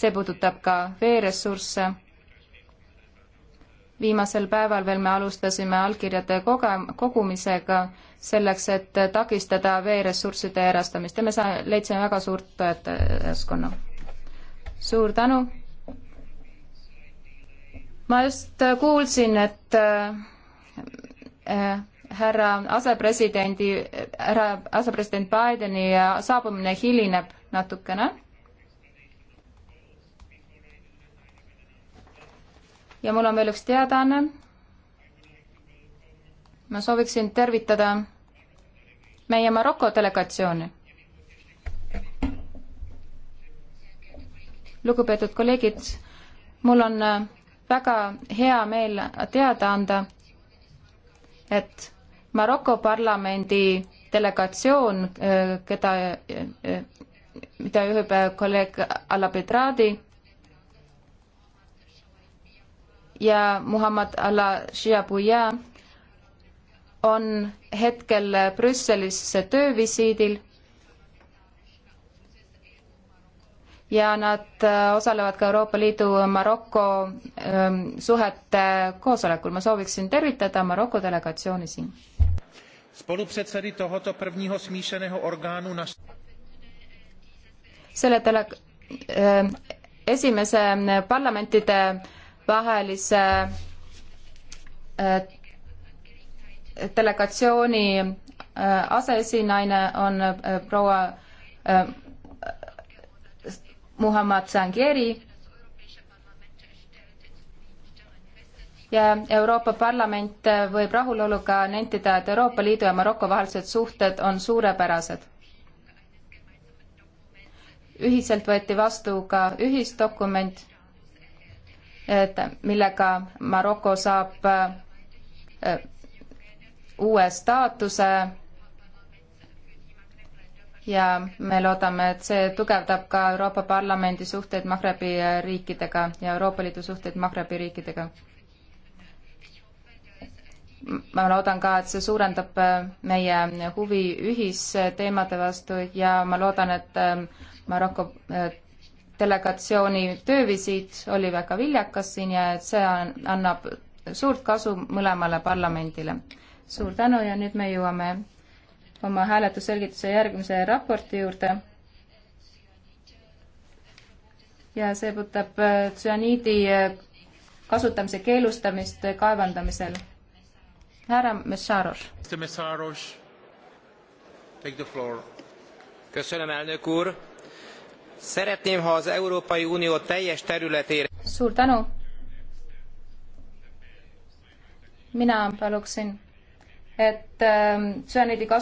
see puudutab ka veeressursse. viimasel päeval veel me alustasime allkirjade koge-, kogumisega selleks, et takistada veeressursside erastamist ja me saa-, leidsime väga suurt toetajaskonna. suur tänu! ma just kuulsin, et äh, härra asepresidendi, härra asepresident Bideni saabumine hilineb natukene ja mul on veel üks teadaanne. ma sooviksin tervitada meie Maroko delegatsiooni. lugupeetud kolleegid, mul on äh, väga hea meel teada anda, et Maroko parlamendi delegatsioon, äh, keda, äh, mida juhib kolleeg Alabedradi, ja Muhamed Allah Shiabuya on hetkel Brüsselis töövisiidil ja nad äh, osalevad ka Euroopa Liidu Maroko ähm, suhete koosolekul. ma sooviksin tervitada Maroko delegatsiooni siin. spolupředsedy tohoto prvního smíšeného orgánu na... selle dele-, äh, esimese äh, parlamentide vahelise äh, delegatsiooni äh, aseesinaine on äh, proua Muhamed Zangieri ja Euroopa Parlament võib rahuloluga nentida, et Euroopa Liidu ja Maroko vahelised suhted on suurepärased. ühiselt võeti vastu ka ühisdokument et millega Maroko saab äh, uue staatuse ja me loodame, et see tugevdab ka Euroopa Parlamendi suhteid Maghrebi äh, riikidega ja Euroopa Liidu suhteid Maghrebi riikidega. ma loodan ka, et see suurendab äh, meie huvi ühisteemade vastu ja ma loodan, et Maroko delegatsiooni töövisiit oli väga viljakas siin ja et see annab suurt kasu mõlemale parlamendile. suur tänu ja nüüd me jõuame oma hääletusselgituse järgmise raporti juurde. ja see puudutab äh, tsüaniidi äh, kasutamise keelustamist äh, kaevandamisel. härra Messaros. Mr Messaros, take the floor. köszönöm, elnök úr Szeretném, ha az Európai Unió teljes területére... Suur tänu! Mina paluksin, et tsüaniidi ähm,